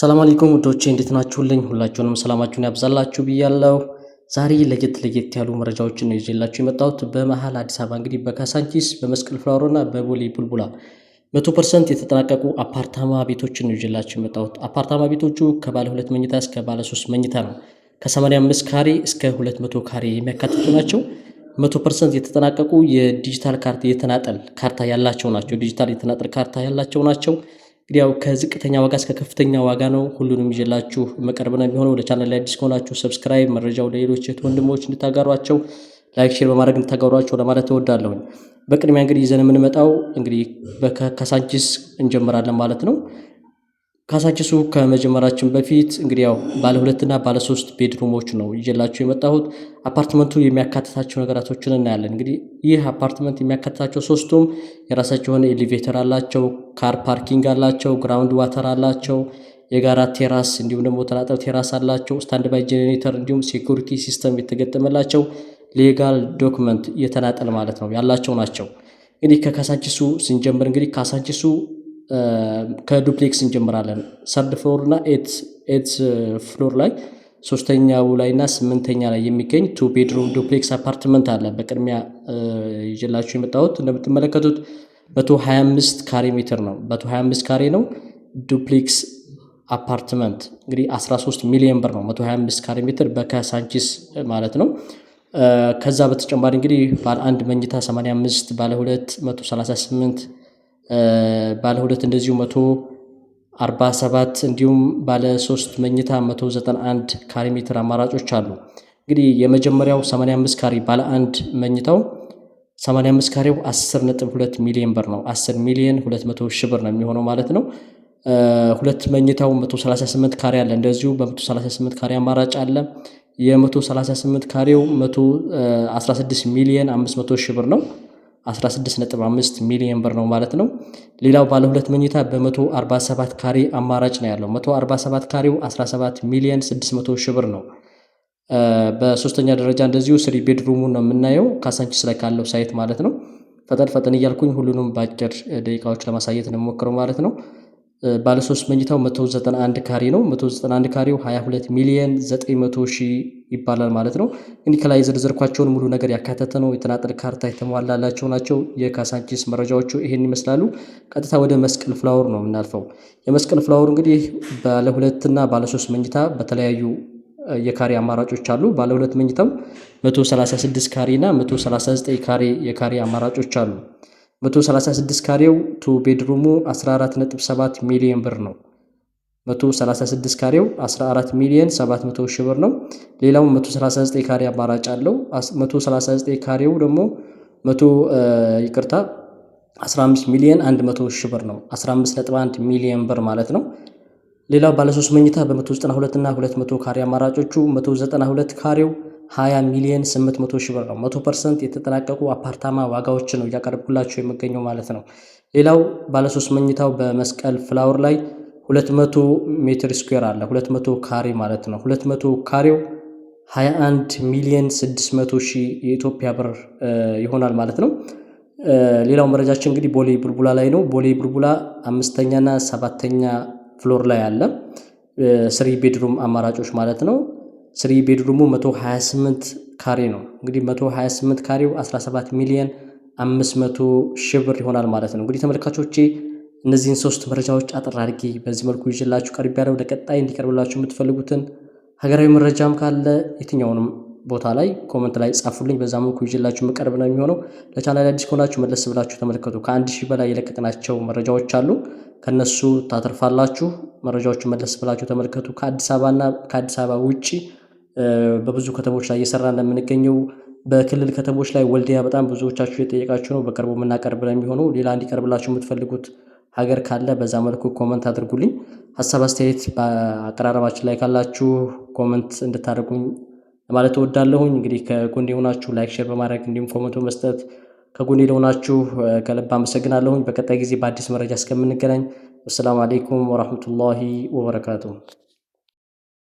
ሰላም አለይኩም ውዶቼ እንዴት ናችሁልኝ? ሁላችሁንም ሰላማችሁን ያብዛላችሁ ብያለሁ። ዛሬ ለየት ለየት ያሉ መረጃዎችን ነው ይዤላችሁ የመጣሁት። በመሀል አዲስ አበባ እንግዲህ በካሳንቺስ በመስቀል ፍላወር እና በቦሌ ቡልቡላ መቶ ፐርሰንት የተጠናቀቁ አፓርታማ ቤቶችን ነው ይዤላችሁ የመጣሁት። አፓርታማ ቤቶቹ ከባለ ሁለት መኝታ እስከ ባለ ሶስት መኝታ ነው። ከ85 ካሬ እስከ 200 ካሬ የሚያካትቱ ናቸው። መቶ ፐርሰንት የተጠናቀቁ የዲጂታል ካርታ የተናጠል ካርታ ያላቸው ናቸው። ዲጂታል የተናጠል ካርታ ያላቸው ናቸው። እንግዲህ ያው ከዝቅተኛ ዋጋ እስከ ከፍተኛ ዋጋ ነው ሁሉንም ይዤላችሁ መቀርብ ነው የሚሆነው። ወደ ቻናል ላይ አዲስ ከሆናችሁ ሰብስክራይብ፣ መረጃው ለሌሎች እህት ወንድሞች እንድታጋሯቸው ላይክ፣ ሼር በማድረግ እንድታጋሯቸው ለማለት እወዳለሁኝ። በቅድሚያ እንግዲህ ይዘን የምንመጣው እንግዲህ ከሳንቺስ እንጀምራለን ማለት ነው። ካሳንቺሱ ከመጀመራችን በፊት እንግዲህ ያው ባለ ሁለትና ባለ ሶስት ቤድሩሞች ነው ይዤላችሁ የመጣሁት። አፓርትመንቱ የሚያካትታቸው ነገራቶችን እናያለን። እንግዲህ ይህ አፓርትመንት የሚያካትታቸው ሶስቱም የራሳቸው የሆነ ኤሌቬተር አላቸው፣ ካር ፓርኪንግ አላቸው፣ ግራውንድ ዋተር አላቸው፣ የጋራ ቴራስ እንዲሁም ደግሞ ተናጠብ ቴራስ አላቸው፣ ስታንድ ባይ ጄኔሬተር እንዲሁም ሴኩሪቲ ሲስተም የተገጠመላቸው ሌጋል ዶክመንት የተናጠል ማለት ነው ያላቸው ናቸው። እንግዲህ ከካሳንቺሱ ስንጀምር እንግዲህ ካሳንቺሱ ከዱፕሌክስ እንጀምራለን። ሰርድ ፍሎር እና ኤት ፍሎር ላይ ሶስተኛው ላይ እና ስምንተኛ ላይ የሚገኝ ቱ ቤድሩም ዱፕሌክስ አፓርትመንት አለ። በቅድሚያ ይዤላችሁ የመጣሁት እንደምትመለከቱት መቶ 25 ካሬ ሜትር ነው። መቶ 25 ካሬ ነው ዱፕሌክስ አፓርትመንት እንግዲህ 13 ሚሊዮን ብር ነው። 125 ካሬ ሜትር በካሳንቺስ ማለት ነው። ከዛ በተጨማሪ እንግዲህ ባለ አንድ መኝታ 85፣ ባለ ሁለት 138 ባለ ሁለት እንደዚሁ መቶ አርባ ሰባት እንዲሁም ባለ ሶስት መኝታ መቶ ዘጠና አንድ ካሬ ሜትር አማራጮች አሉ። እንግዲህ የመጀመሪያው 85 ካሬ ባለ አንድ መኝታው 85 ካሬው 10.2 ሚሊዮን ብር ነው። 10 ሚሊዮን 200 ሺህ ብር ነው የሚሆነው ማለት ነው። ሁለት መኝታው 138 ካሬ አለ። እንደዚሁ በ138 ካሬ አማራጭ አለ። የ138 ካሬው 116 ሚሊዮን 500 ሺህ ብር ነው። 16.5 ሚሊዮን ብር ነው ማለት ነው። ሌላው ባለ ሁለት መኝታ በ147 ካሬ አማራጭ ነው ያለው። 147 ካሬው 17 ሚሊዮን 600 ሺህ ብር ነው። በሶስተኛ ደረጃ እንደዚሁ ስሪ ቤድሩሙ ነው የምናየው ካሳንቺስ ላይ ካለው ሳይት ማለት ነው። ፈጠን ፈጠን እያልኩኝ ሁሉንም በአጭር ደቂቃዎች ለማሳየት ነው የምሞክረው ማለት ነው። ባለ ሶስት መኝታው 191 ካሬ ነው። 191 ካሬው 22 ሚሊዮን 900 ሺህ ይባላል ማለት ነው። እንግዲህ ከላይ የዘርዘርኳቸውን ሙሉ ነገር ያካተተ ነው። የተናጠል ካርታ የተሟላላቸው ናቸው። የካሳንቺስ መረጃዎቹ ይሄን ይመስላሉ። ቀጥታ ወደ መስቀል ፍላወር ነው የምናልፈው። የመስቀል ፍላወር እንግዲህ ባለ እና ባለ ሶስት መኝታ በተለያዩ የካሬ አማራጮች አሉ። ባለ ሁለት መኝታው 136 ካሬ እና 139 ካሬ የካሬ አማራጮች አሉ። 136 ካሬው ቱ ቤድሩሙ 14.7 ሚሊዮን ብር ነው። 136 ካሬው 14 ሚሊዮን 700 ሺህ ብር ነው። ሌላው 139 ካሬ አማራጭ አለው። 139 ካሬው ደግሞ 100 ይቅርታ 15 ሚሊዮን 100 ሺህ ብር ነው። 15.1 ሚሊዮን ብር ማለት ነው። ሌላው ባለ 3 መኝታ በ192 እና 200 ካሬ አማራጮቹ 192 ካሬው 20 ሚሊዮን 800 ሺህ ብር ነው። 100% የተጠናቀቁ አፓርታማ ዋጋዎች ነው እያቀረብኩላቸው የሚገኘው ማለት ነው። ሌላው ባለ 3 መኝታው በመስቀል ፍላወር ላይ 200 ሜትር ስኩዌር አለ 200 ካሬ ማለት ነው። 200 ካሬው 21 ሚሊዮን 600 ሺህ የኢትዮጵያ ብር ይሆናል ማለት ነው። ሌላው መረጃችን እንግዲህ ቦሌ ቡልቡላ ላይ ነው። ቦሌ ቡልቡላ አምስተኛና ሰባተኛ ፍሎር ላይ አለ ስሪ ቤድሩም አማራጮች ማለት ነው። ስሪ ቤድሩሙ 128 ካሬ ነው። እንግዲህ 128 ካሬው 17 ሚሊዮን 500 ሺህ ብር ይሆናል ማለት ነው። እንግዲህ ተመልካቾቼ እነዚህን ሶስት መረጃዎች አጠር አድርጌ በዚህ መልኩ ይዤላችሁ ቀርብ ያለው ለቀጣይ እንዲቀርብላችሁ የምትፈልጉትን ሀገራዊ መረጃም ካለ የትኛውንም ቦታ ላይ ኮመንት ላይ ጻፉልኝ። በዛ መልኩ ይዤላችሁ የምቀርብ ነው የሚሆነው። ለቻናል አዲስ ከሆናችሁ መለስ ብላችሁ ተመልከቱ። ከአንድ ሺህ በላይ የለቀቅናቸው መረጃዎች አሉ። ከነሱ ታተርፋላችሁ። መረጃዎቹ መለስ ብላችሁ ተመልከቱ። ከአዲስ አበባና ከአዲስ አበባ ውጭ በብዙ ከተሞች ላይ እየሰራ እንደምንገኘው በክልል ከተሞች ላይ ወልዲያ በጣም ብዙዎቻችሁ የጠየቃችሁ ነው። በቅርቡ የምናቀርብ ነው የሚሆነው። ሌላ እንዲቀርብላችሁ የምትፈልጉት ሀገር ካለ በዛ መልኩ ኮመንት አድርጉልኝ። ሀሳብ አስተያየት በአቀራረባችን ላይ ካላችሁ ኮመንት እንድታደርጉኝ ማለት እወዳለሁኝ። እንግዲህ ከጎኔ የሆናችሁ ላይክ፣ ሼር በማድረግ እንዲሁም ኮመንት በመስጠት ከጎኔ ለሆናችሁ ከልብ አመሰግናለሁኝ። በቀጣይ ጊዜ በአዲስ መረጃ እስከምንገናኝ ወሰላሙ አሌይኩም ወራህመቱላሂ ወበረካቱሁ።